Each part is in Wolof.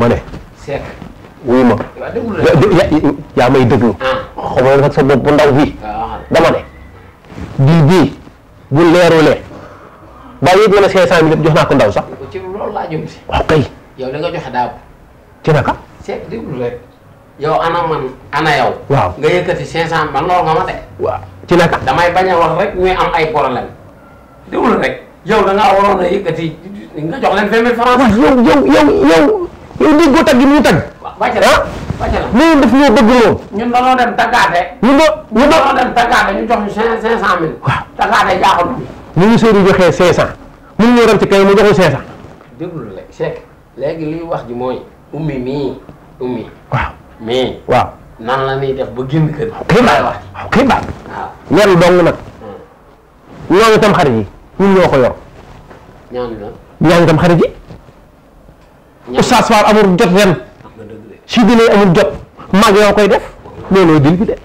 ma ne. Seck wuyu ma. yaa may déglu. Ah. xamal nag sa bopp bu ndaw bii. Ah. dama ne. bii bii bu leerulee. bàyyi it ma ne cinq cent jox naa ko ndaw sax. ci kay. yow da nga joxe daaw. ci naka. Seck déglu rek. yow ana man ana yow. waaw nga yëkkati cinq cent man loolu nga ma teg. ci naka. damay bañ a wax rek ñuy am ay problème déglu rek. yow da ngaa waroon a yëkkati nga jox leen vingt mille francs. yow yow yow yow dégg ko tagg ñu tag wàcce la ah. wàcce la loolu daf ñoo ñu lool. ñun dañoo dem taggaate. ñu ba ñu dañoo dem taggaate ñu jox ñu cinq cinq cent mille. waaw taggaate jaaxul. mu ngi sori joxee cinq cent mu ngi ci kay mu joxe cinq cent. déglu la Cheikh léegi liy wax ji mooy ummi mii ummi. waaw mii waaw. nan la ñuy def ba génn kër. xibaar waaw xibaar. waaw ñaar dong nag. Hmm. tam xarit yi ñun ñoo ko yor. ñooñu la ñooñu tam xarit Oustaz Fall amul jot ren si bi lay amul jot mag yoo koy def loolooy dil bi de.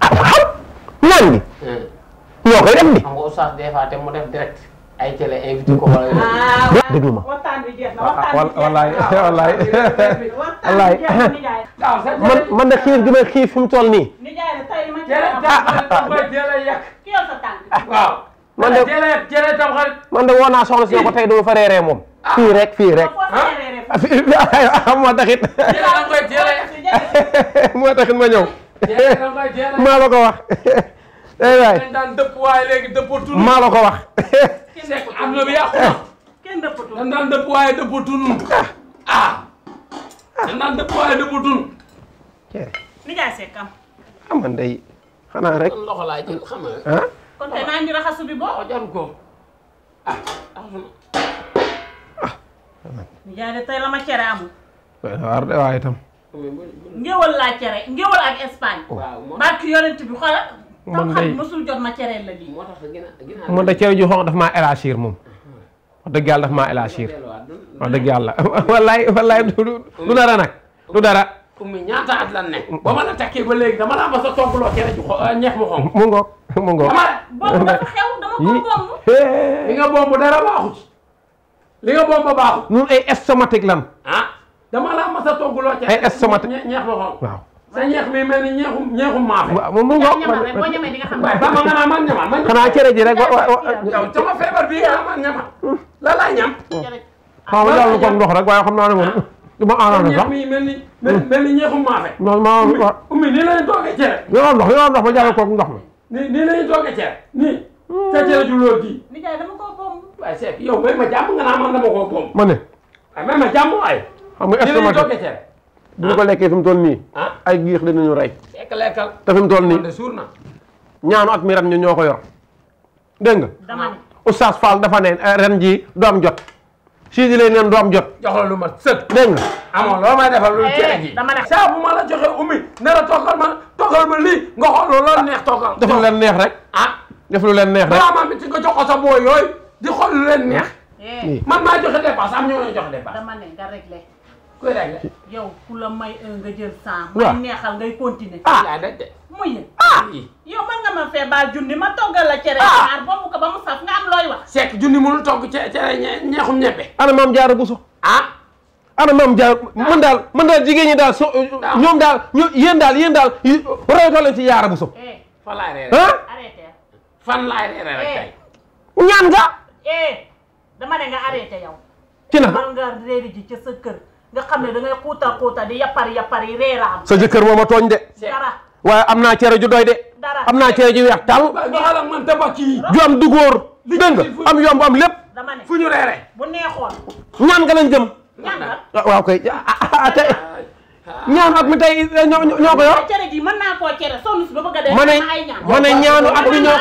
ah xam naan gi. Eh. ñoo koy def di. xam nga Oustaz des fois te mu def direct. ay télé invité ko wala. Ah, déglu ma waxtaan bi jeex na wallaay ah, wallaay wallaay man man de xiif gi may xiif fi mu toll nii. ah ah ah. man de jërëjëf eh, jërëjëf tam si ne ko tey doo fa reeree moom. Ah. fii rek fii rek. ah fii moo taxit. moo taxit ma ñëw. maa la ko wax. eh waay daan dëpp maa la wax. am na bi yàqu na. kenn dëppatul dañ daan ah. Ah. man day xanaa rek. laa jël kon tey naa ñu raxasu bi boo. Oh, jarul ko ah, ah. ma cere amul. waar de waaye itam. ngéwal laa cere ngéwal ak Espagne. Oh. waaw barki bi xoolal. man de mosul jot ma cere la lii. moom. wax dëgg yàlla daf maa élargir. du dara nag du dara. ummi ñaata at lan ne. ba la takkee ba léegi dama laa mos a tonkuloo cere euh, ju ñeex mu xonk. mu ngoog mu ngoog. boobu lan. Ah, dama laa mos a tonkuloo cere. ay estomatique ñeex mu xonk. waaw sa ñeex mi ni ñeexu maafe. mu ngoog boo ñamee di man ñamal man. cere ji rek wa wa. sama feebar bii nga man ñamal. la laay ñam. ma daal lu ko ndox rek waaye xam naa moom. Ah. du ma arrangé sax ñeex mi mel ni hmm. ndox yoroo ndox ma jaay koog ndox mi. nii la ñu toogee cere. nii. sa hmm. cere yow may ma jàmm nga naa man dama koo bomb. ma ne. waaye may ma jàmm waay. xam nga estomac nii la ñu toogee cere. ko ah. lekkee fi mu toll nii. Ah. ay giix dinañu rey. lekk lekkal te fi mu toll nii. suur na. ñaanu at mi ren ñu ñoo ko yor. dégg nga. dama dafa ne eh, ren ji du jot Sidi lay neen du am jot. jox la lu ma sëkk. dégg nga. amoo loo may defal lu eh, ma la joxe ummi ne la toogal ma toogal ma lii nga xool loolu la neex toogal. def rek. ah def lu leen neex rek. balaa maa mi ci jox ko sa booy yooyu di xool lu eh. man maa joxe dépense am ñoo ñoo joxe dépense. dama ne nga réglé. kuy yow ku la may nga jël sang. waaw may neexal ngay continuer. ah muy. ah yow man nga ma fee junni ma toggal la cere. ah ko ba mu saf nga am looy wax. Seck junni mënul togg ca ca ñeexum ñebe. ana maam jaara buso ah? ana maam jaar ah. man daal man daal jigéen ñi daal so ah. ñoom daal ñu daal yéen daal royatoo leen ci yaara bu so fan laay reere arrêté eh. eh. ne nga yow ci na man nga réeri ji ci sa kër nga xam ne da ngay xuuta xuuta di yappar yappar yi reeraam sa jëkkër moo ma tooñ de waaye am naa cere ju doy de. am naa cere ju weex tàll. ju am dugóor. dégg nga am yomb am lépp. fu ñu reere bu neexoon. ñaan nga lañ jëm. Ah, waaw kay ah, ah, ah tey ñaanu at mi tey eh, ñoo ñoo ko yor. cere gi mën naa koo cere sonn si a dee. ma ne ñaanu at mi ñoo.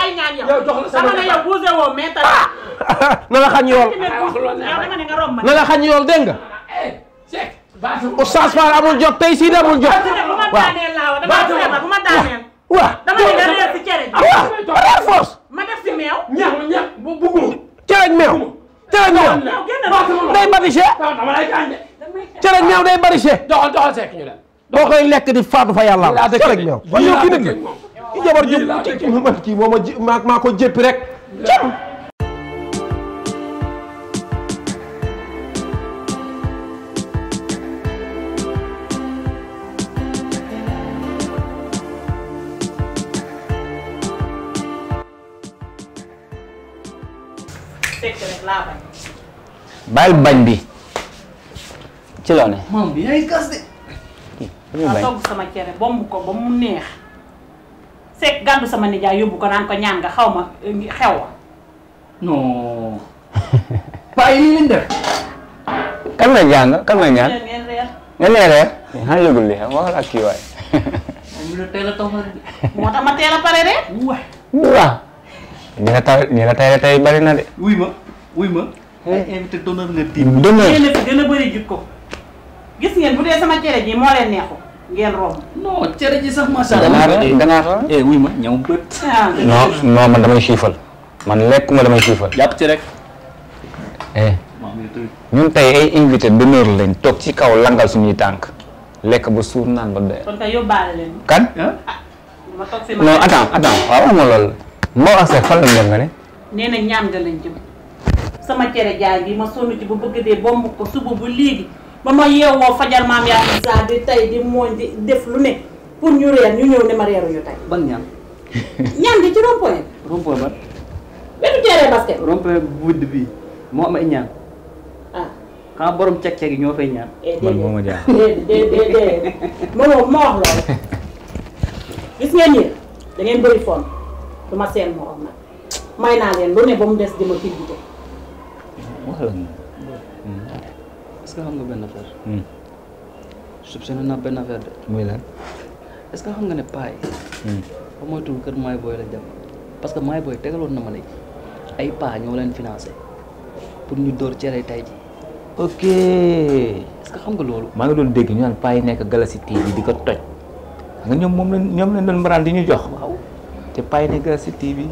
dama na la xañ yool. na la xañ yool dégg nga. Eh, oustaz Fall amul jot tey sii amul jot bu ma daaneel. waaw dama ne nga réer si cere ji. force. ma meew. ñax meew. cere meew day meew day bariché. boo koy lekk di faatu fa yàlla am. cere meew. kii jabar ji kii moom maa ko jéppi rek. bal bañ bàyyil bañ bi ci loo ne moom bi yaay gas de togg sama kéré bomb ko ba mu neex sék gandu sama nijaay yobbu ko nan ko ñaan nga xawma ma eh, xew wa non bàyyi li leen def kan la kan ñaan kan la ñaan nga ne reer ha yëgul li ha waxal ak kii waay ñu la teel a tawal moo tax ma téla paré pare wa waa ñu la tawal ni la tay tay bari na de wuy ma wima ma ay invité d'honneur nga tim d'honneur yéen fi gën a bëri jikko gis ngeen bu dee sama cere ji moo leen neexu ngeen romb non cere ji sax macha allah danaa xa eh wuy ma ñaw bët ah, non non man damay xiifal man lekkuma damay xiifal jàpp ci rek eh ñun tay ay invité d'honneur lañ toog ci kaw langal suñuy tànk lekk ba suur naan ba doy kon tay yóbbaale leen kan ah, non attends attends waaw ma lool moo ak fal fan la ngeen nga ne lañ jëm sama cere jaay ma sonu ci bu bëgg dé bomb ko subu bu ligi ba ma yeewoo fajar maam yaa saa di tay di mooñ di def lu ne pour ñu reer ñu ñëw ne ma ñu tay ban ñam ñam di ci rompoye. rompoye ba. ben cere basket. Rompo bu budd bi mo am ay ñam ah xanaa borom cek ciak yi ñoo fay ñam eh, man mo eh, ma dé dé mo ma mo lo gis ngeen ni da ngeen bari fon duma ma mo ma nag may lu ne bamu dess des fi ma Waxal ak moom. est-ce que xam nga benn affaire. soupçonné naa benn affaire de. muy lan. est-ce que xam nga ne paay. ba moytuwul kër maay booy la jàpp parce que maay booy tegaloon na ma léegi ay paa ñoo leen financé pour ñu door cere tay ji ok. est-ce que xam nga loolu. maa ngi doon dégg ñu naan paa nekk Galaxy TV di ko toj. nga ñoom moom la ñoom lañ doon mbaraan di ñu jox. waaw te paa nekk Galaxy TV.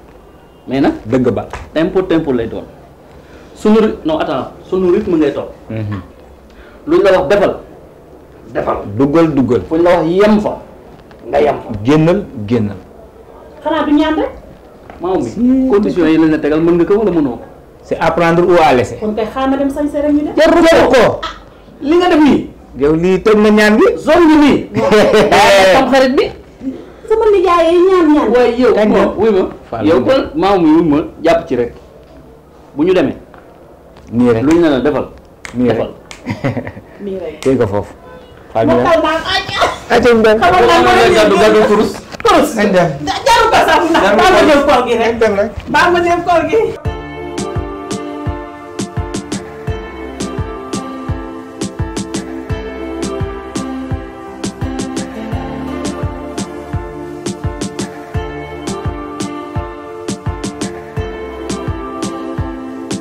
mais nak deug ba tempo tempo lay doon sunu no attends sunu rythme ngay top hmm luñ la wax defal defal duggal duggal fuñ la wax yem fa nga yem fa gennal gennal xana du ñaan rek maaw mi condition yi la la tegal mën nga ko wala mëno c'est apprendre ou à laisser kon tay xana dem sañ sey rek ñu dem jaru ko li nga def ni yow lii tok na ñaan bi zone bi ni tam xarit bi sama ni nijaay ñaan ñaan way yow wuy ma yow kon maamu yi ma jàpp ci rek bu ñu demee. nii rek lu ñu ne la defal. nii rek defal. nii rek dégg nga foofu. Fall mi nag moom Fall maa ngi àgg. gàddu kurus. kurus. nañ dem jaru ko sax ndax. jaru ko sax maa ma jël koor gi rek. nañ dem rek maa ma jël koor gi.